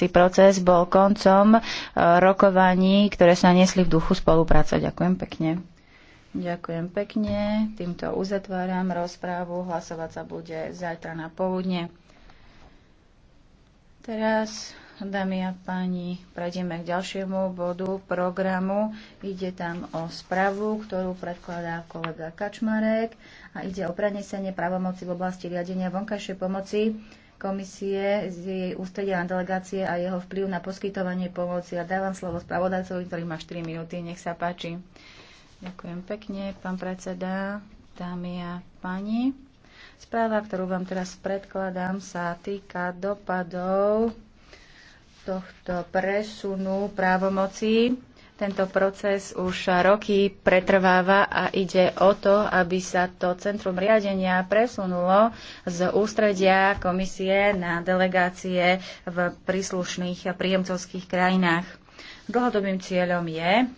rokovací proces bol koncom eh, rokovaní, ktoré sa nesli v duchu spolupráce. Ďakujem pekne. Ďakujem pekne. Týmto uzatváram rozprávu. Hlasovať sa bude zajtra na poludne. Teraz, dámy a páni, prejdeme k ďalšiemu bodu programu. Ide tam o správu, ktorú predkladá kolega Kačmarek a ide o prenesenie právomoci v oblasti riadenia vonkajšej pomoci komisie, z jej ústredia na delegácie a jeho vplyv na poskytovanie pomoci. A dávam slovo spravodajcovi, ktorý má 4 minúty. Nech sa páči. Ďakujem pekne, pán predseda, dámy a páni. Správa, ktorú vám teraz predkladám, sa týka dopadov tohto presunu právomocí tento proces už roky pretrváva a ide o to, aby sa to centrum riadenia presunulo z ústredia komisie na delegácie v príslušných príjemcovských krajinách. Dlhodobým cieľom je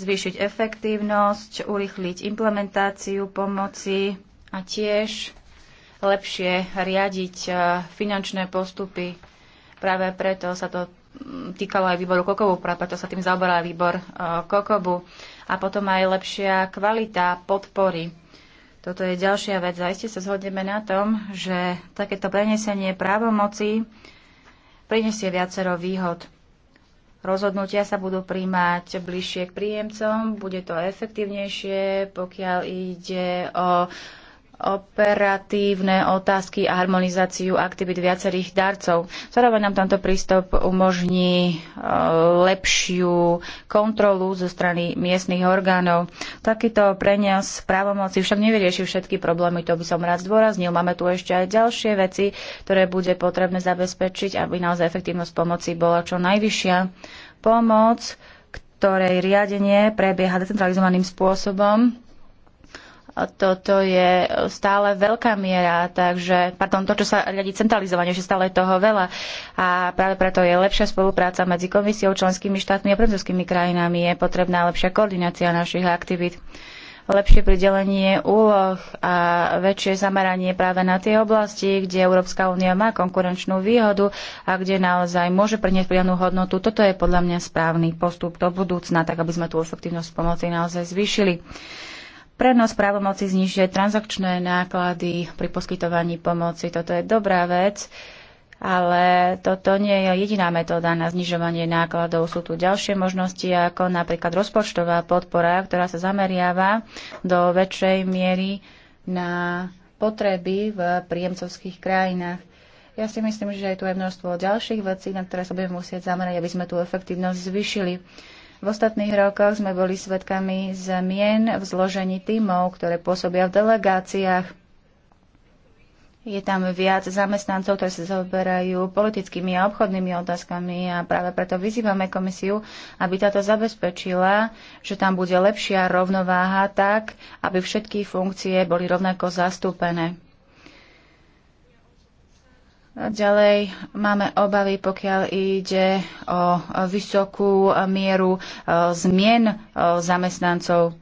zvýšiť efektívnosť, urýchliť implementáciu pomoci a tiež lepšie riadiť eh, finančné postupy. Práve preto sa to týkalo aj výboru Kokobu, preto sa tým zaoberal aj výbor e, Kokobu. A potom aj lepšia kvalita podpory. Toto je ďalšia vec. Zajiste sa zhodneme na tom, že takéto prenesenie právomoci prinesie viacero výhod. Rozhodnutia sa budú príjmať bližšie k príjemcom, bude to efektívnejšie, pokiaľ ide o uh, operatívne otázky a harmonizáciu aktivít viacerých darcov. Zároveň nám tento prístup umožní e, lepšiu kontrolu zo strany miestnych orgánov. Takýto prenias právomoci však nevyrieši všetky problémy, to by som rád zdôraznil. Máme tu ešte aj ďalšie veci, ktoré bude potrebné zabezpečiť, aby naozaj efektívnosť pomoci bola čo najvyššia. Pomoc ktorej riadenie prebieha decentralizovaným spôsobom, toto je stále veľká miera, takže, pardon, to, čo sa riadi centralizovanie, že stále je toho veľa a práve preto je lepšia spolupráca medzi komisiou, členskými štátmi a francúzskými krajinami, je potrebná lepšia koordinácia našich aktivít lepšie pridelenie úloh a väčšie zameranie práve na tie oblasti, kde Európska únia má konkurenčnú výhodu a kde naozaj môže priniesť pridanú hodnotu. Toto je podľa mňa správny postup do budúcna, tak aby sme tú efektívnosť pomoci naozaj zvýšili. Prenos právomoci znižuje transakčné náklady pri poskytovaní pomoci. Toto je dobrá vec, ale toto nie je jediná metóda na znižovanie nákladov. Sú tu ďalšie možnosti, ako napríklad rozpočtová podpora, ktorá sa zameriava do väčšej miery na potreby v príjemcovských krajinách. Ja si myslím, že je tu aj množstvo ďalších vecí, na ktoré sa budeme musieť zamerať, aby sme tú efektívnosť zvyšili. V ostatných rokoch sme boli svedkami zmien v zložení tímov, ktoré pôsobia v delegáciách. Je tam viac zamestnancov, ktorí sa zaoberajú politickými a obchodnými otázkami a práve preto vyzývame komisiu, aby táto zabezpečila, že tam bude lepšia rovnováha tak, aby všetky funkcie boli rovnako zastúpené. Ďalej máme obavy, pokiaľ ide o vysokú mieru e, zmien e, zamestnancov.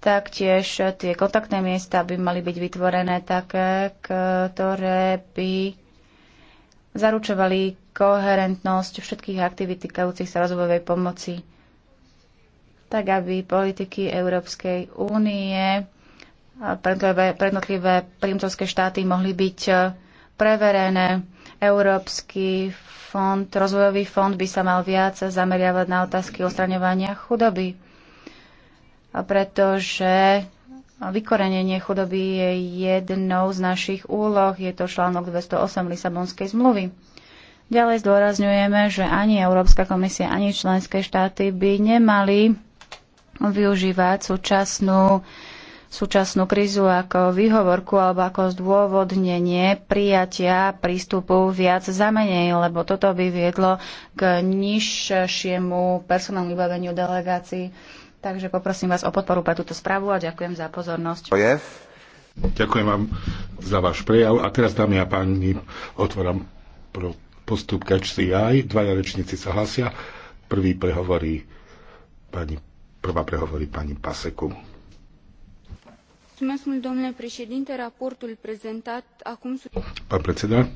Taktiež tie kontaktné miesta by mali byť vytvorené také, ktoré by zaručovali koherentnosť všetkých aktivít týkajúcich sa rozvojovej pomoci, tak aby politiky Európskej únie pre jednotlivé príjemcovské štáty mohli byť e, preverené. Európsky fond, rozvojový fond by sa mal viac zameriavať na otázky ostraňovania chudoby, pretože vykorenenie chudoby je jednou z našich úloh, je to článok 208 Lisabonskej zmluvy. Ďalej zdôrazňujeme, že ani Európska komisia, ani členské štáty by nemali využívať súčasnú súčasnú krízu ako výhovorku alebo ako zdôvodnenie prijatia prístupu viac za menej, lebo toto by viedlo k nižšiemu personálnu vybaveniu delegácií. Takže poprosím vás o podporu pre túto správu a ďakujem za pozornosť. Ďakujem vám za váš prejav. A teraz, dámy a páni, otváram postup CatchCI. Dvaja rečníci sa hlasia. Prvý prehovorí pani, prvá prehovorí pani Paseku raportul prezentat acum... Pán predseda,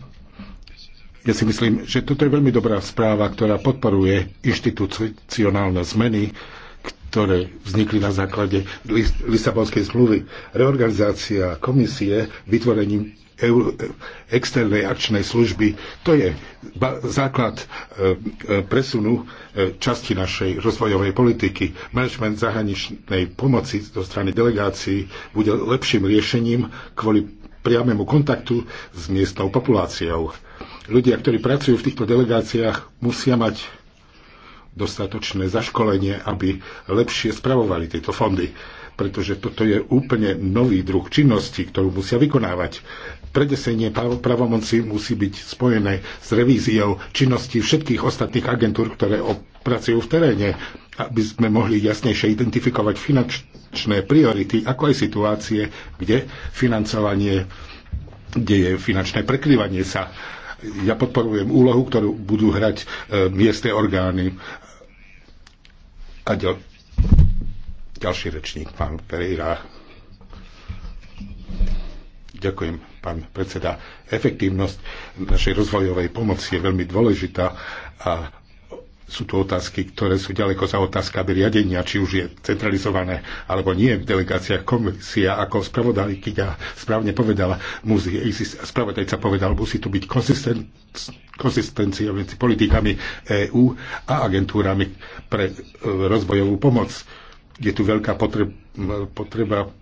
ja si myslím, že toto je veľmi dobrá správa, ktorá podporuje inštitucionálne zmeny, ktoré vznikli na základe Lisabonskej zmluvy. Reorganizácia komisie vytvorením externej akčnej služby, to je základ e, e, presunu e, časti našej rozvojovej politiky. Management zahraničnej pomoci zo strany delegácií bude lepším riešením kvôli priamému kontaktu s miestnou populáciou. Ľudia, ktorí pracujú v týchto delegáciách, musia mať dostatočné zaškolenie, aby lepšie spravovali tieto fondy pretože toto je úplne nový druh činnosti, ktorú musia vykonávať. Predesenie pravomoci musí byť spojené s revíziou činnosti všetkých ostatných agentúr, ktoré pracujú v teréne, aby sme mohli jasnejšie identifikovať finančné priority, ako aj situácie, kde financovanie, kde je finančné prekryvanie sa ja podporujem úlohu, ktorú budú hrať e, miestne orgány. A ďal, ďalší rečník, pán Pereira. Ďakujem, pán predseda. Efektívnosť našej rozvojovej pomoci je veľmi dôležitá a sú tu otázky, ktoré sú ďaleko za otázkami riadenia, či už je centralizované alebo nie v delegáciách komisia, ako ja správne povedala, musí, spravodajca povedal, musí tu byť konsistencia konzistencia medzi politikami EÚ a agentúrami pre e, rozvojovú pomoc. Je tu veľká potreba, potreba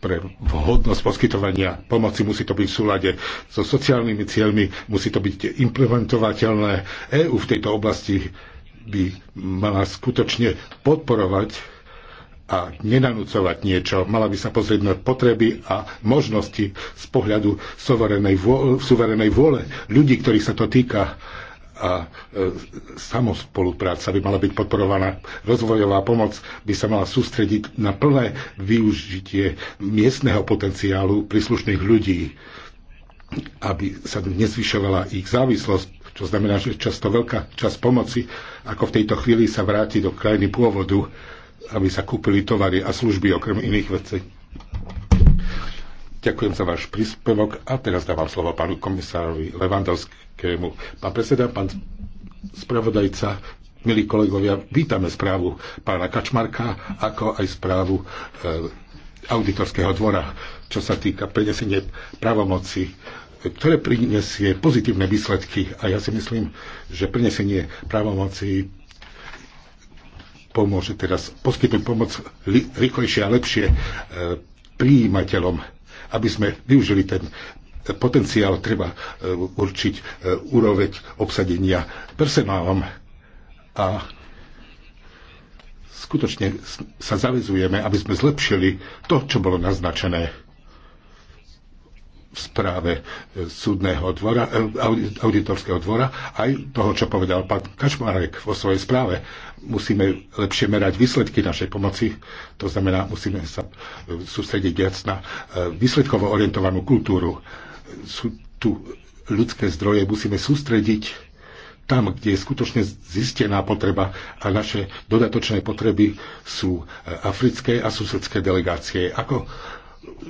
pre vhodnosť poskytovania pomoci musí to byť v súlade so sociálnymi cieľmi, musí to byť implementovateľné. EÚ v tejto oblasti by mala skutočne podporovať a nenanúcovať niečo. Mala by sa pozrieť na potreby a možnosti z pohľadu suverenej vôle, suverenej vôle ľudí, ktorých sa to týka a e, samospolupráca by mala byť podporovaná. Rozvojová pomoc by sa mala sústrediť na plné využitie miestneho potenciálu príslušných ľudí, aby sa nezvyšovala ich závislosť, čo znamená, že často veľká časť pomoci, ako v tejto chvíli sa vráti do krajiny pôvodu, aby sa kúpili tovary a služby okrem iných vecí. Ďakujem za váš príspevok a teraz dávam slovo pánu komisárovi Levandovskému. Pán predseda, pán spravodajca, milí kolegovia, vítame správu pána Kačmarka, ako aj správu e, auditorského dvora, čo sa týka prenesenie právomoci ktoré prinesie pozitívne výsledky. A ja si myslím, že prinesenie právomoci pomôže teraz poskytnúť pomoc rýchlejšie a lepšie e, prijímateľom aby sme využili ten potenciál, treba e, určiť e, úroveň obsadenia personálom a skutočne sa zavizujeme, aby sme zlepšili to, čo bolo naznačené správe e, súdneho dvora, e, auditorského dvora, aj toho, čo povedal pán Kačmarek vo svojej správe. Musíme lepšie merať výsledky našej pomoci, to znamená, musíme sa e, sústrediť viac na výsledkovo orientovanú kultúru. Sú tu ľudské zdroje, musíme sústrediť tam, kde je skutočne zistená potreba a naše dodatočné potreby sú africké a susedské delegácie. Ako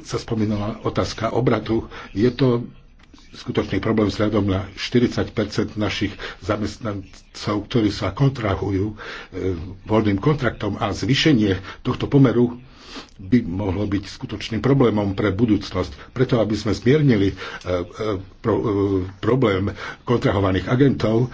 sa spomínala otázka obratu. Je to skutočný problém vzhľadom na 40 našich zamestnancov, ktorí sa kontrahujú e, voľným kontraktom a zvýšenie tohto pomeru by mohlo byť skutočným problémom pre budúcnosť. Preto, aby sme zmiernili e, e, problém kontrahovaných agentov,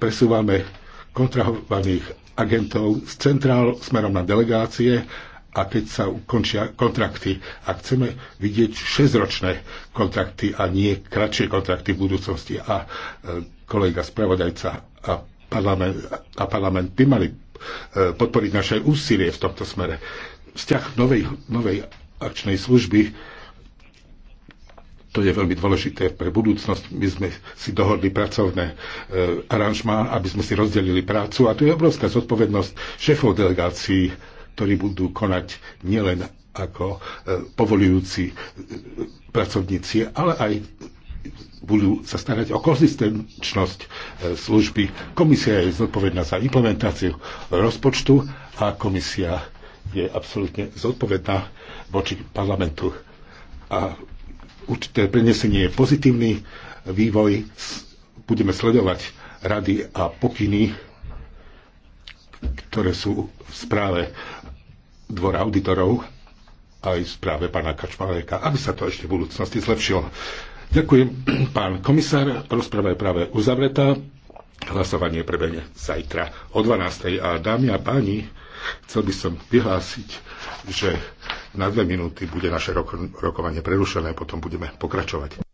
presúvame kontrahovaných agentov z centrál smerom na delegácie a keď sa ukončia kontrakty. A chceme vidieť 6-ročné kontrakty a nie kratšie kontrakty v budúcnosti. A e, kolega spravodajca a parlament, a parlament by mali e, podporiť naše úsilie v tomto smere. Vzťah novej, novej akčnej služby to je veľmi dôležité pre budúcnosť. My sme si dohodli pracovné e, aranžma, aby sme si rozdelili prácu a tu je obrovská zodpovednosť šéfov delegácií ktorí budú konať nielen ako e, povolujúci e, pracovníci, ale aj budú sa starať o konzistenčnosť e, služby. Komisia je zodpovedná za implementáciu rozpočtu a komisia je absolútne zodpovedná voči parlamentu. A určité prenesenie je pozitívny vývoj. Budeme sledovať rady a pokyny, ktoré sú v správe dvora auditorov aj správe pána Kačmareka, aby sa to ešte v budúcnosti zlepšilo. Ďakujem, pán komisár. rozpráva je práve uzavretá. Hlasovanie prebehne zajtra o 12. A dámy a páni, chcel by som vyhlásiť, že na dve minúty bude naše roko- rokovanie prerušené, potom budeme pokračovať.